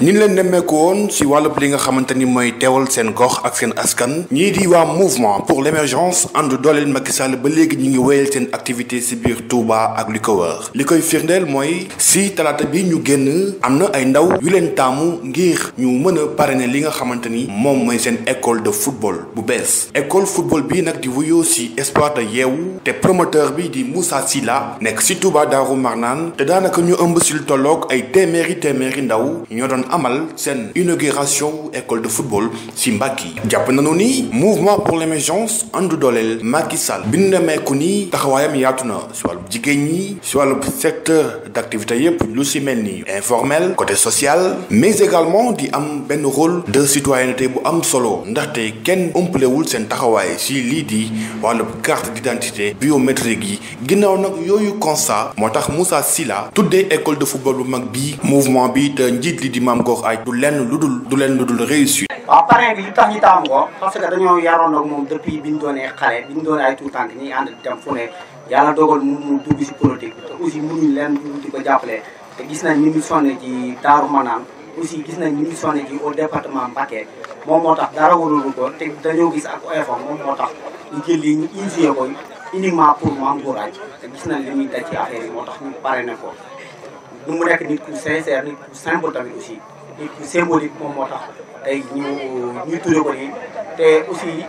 ni leen nemmeeku woon si wàllub li nga xamante ni mooy teewal seen gox ak seen askan ñii di waa mouvement pour l'émergence ànd dooleel Macky Sall ba léegi ñi ngi wéyal seen activité si biir Touba ak li ko wër li koy firndeel mooy si talaata bi ñu génn am na ay ndaw yu leen taamu ngir ñu mën a parrainer li nga xamante ni moom mooy seen école de football bu bees école football bi nag di wuyoo si espoir de te promoteur bi di Moussa Silla nekk si Touba Daaru Marnaan te daanaka ñu ëmb si lu tolloog ay téeméeri téeméeri ndaw amal seen inauguration école de football si Mbàkke yi jàpp nañu ni mouvement pour l'émergence àndu dooleel Macky Sall bi ñu demeeku ni taxawaayam yaatu na si wàllu jigéen ñi si wàllu secteur d'activité yépp lu si mel nii informel côté social mais également di am benn rôle de citoyenneté bu am solo ndaxte kenn ëmpalewul seen taxawaay si lii di wàllu carte d'identité biométrique yi ginnaaw nag yooyu constat moo tax Moussa sila tuddee école de football bu mag bii xam googu ay du lenn lu dul du lenn lu dul réussite. waaw parrain bi li tax ñu taamu ko parce que dañoo yaroon ak moom depuis bi ñu doonee xale bi ñu doonee ay tuut tànk ñuy ànd di dem fu te gis nañ ni mu sonné ci Daaru Manaan aussi gis nañ ni mu sonné ci au département Mbacké moom moo tax dara warulu ko te dañoo gis ak OFA moom moo tax ñu jël ñu initié ko uniquement pour mu am góoraay te gis nañ li muy daj ci affaire moo tax ñu parrainé ko lu mu nekk nit ku moom moo tax tey ñu ñu tuddee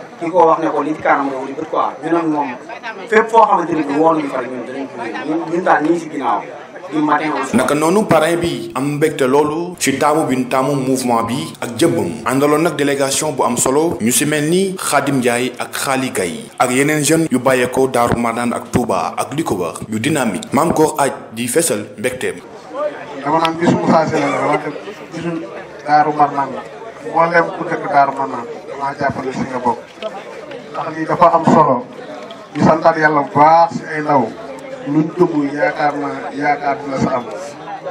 naka noonu parrain bi am mbégte loolu ci taamu bi taamu mouvement bi ak jëbbam àndaloon nag délégation bu am solo ñu si mel ni Xaadim Ndiaye ak Xaali Gay ak yeneen jeunes yu bàyyeekoo Daaru Manaan ak Touba ak li ko wax yu dynamique maam Góor Aaj di fesal mbégteem dama naan bisu Moussa Sylla la wante bisu Daaru Marnaan la mboolem ku dëkk Daaru Marnaan damaa jàppale si nga bokk ndax lii dafa am solo santaat yàlla bu si ay ndaw luñ dugg yaakaar na yaakaar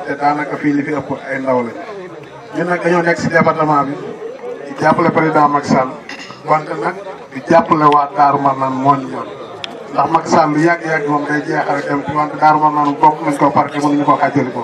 te daanaka fii li fi ëpp ay ndaw la ñun nag dañoo nekk si département bi di jàppale président Macky Sall wante nag jàpp jàppale waa Daaru Marnaan moo ñu ñor ndax Macky Sall lu yàgg-yàgg moom day jeexal dem ci wante Daaru Marnaan bokk nañ ko parti mënuñu ko xàjjali ko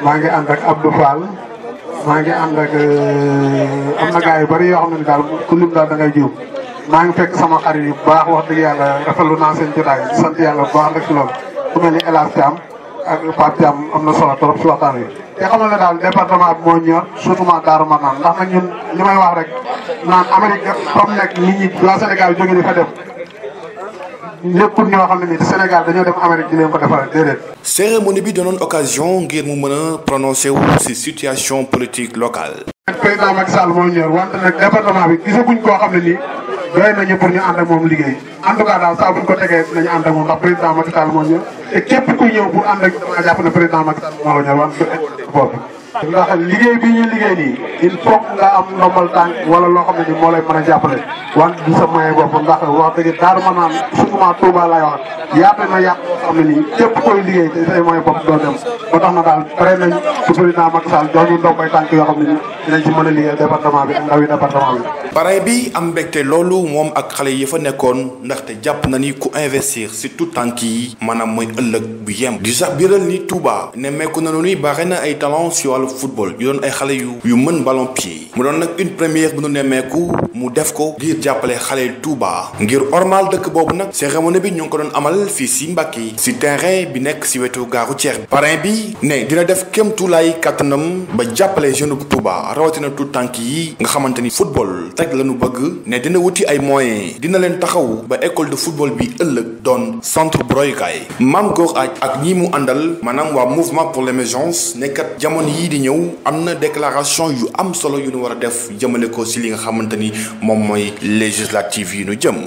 maa ngi ànd ak Abdou Fall maa ngi ànd ak euh, am na gars yu bari yoo xam ne daal ku lim daal da ngay jiw maa ngi fekk sama xarit yu baax wax dëgg yàlla rafetlu naa seen jotaay sant yàlla bu baax rek ci loolu ku mel ni am na solo trop ci waxtaan wi. te xamal ne daal département bi moo ñor surtout Darou Marnane ndax nag ñun li may wax rek naan Amérique fa mu nekk nit ñi waa nekkul ñoo xam ne nii Sénégal dañoo dem Amérique di ko defaral déedéet. cérémonie bi doonoon occasion ngir mu mën a prononcé wu situation politique locale. président Macky Sall moo ñor wante nag département bi gisaguñ koo xam ne nii doy nañu pour ñu ànd ak moom liggéey en tout cas daal saa buñ ko tegee nañu ànd ak moom ndax président Macky Sall moo ñor te képp ku ñëw pour ànd ak jàpp ne président Macky Sall moo la ñor wante boobu. ndax liggéey bi ñu liggéey nii il faut nga am ndombal tànk wala loo xam ne ni moo lay mën a jàppale wante du sa moyen bopp ndax wax dëgg daara ma naan surtout Touba laay wax yaatu na yàq loo xam ne nii képp koy liggéey te say moyen bopp doo dem tax na daal pare nañ su président Macky Sall jox ñu ndombay tànk yoo xam ne nii dinañ mën a liggéey département bi ak ndaw yi département bi parrain bi am mbégte loolu moom ak xale yi fa nekkoon ndaxte jàpp na ni ku investir tout tànk yi maanaam mooy ëllëg bu yemb di sax biral ni Touba nemmeeku na ni baaxee na ay talent si wàllu football yoon ay xale yu yu mën ballon pied mu doon nag une première bu nu nemmeeku mu def ko ngir jàppale xale Touba ngir ormal dëkk boobu nag ne bi ñu ngi ko doon amal fii si Mbàkke si terrain bi nekk si wetu gaaru Ceex bi parrain bi ne dina def kéem tulaay kàttanam ba jàppale jeune bu Touba rawatina tout tànk yi nga xamante ni football rek la ñu bëgg ne dina wuti ay moyens dina leen taxawu ba école de football bi ëllëg doon centre bu royukaay maam góor aaj ak ñii mu àndal maanaam waa mouvement pour l'émergence nekkat jamono yii di ñëw am na déclaration yu am solo yu nu war a def jëmale ko si li nga xamante ni moom mooy législative yi nu jëm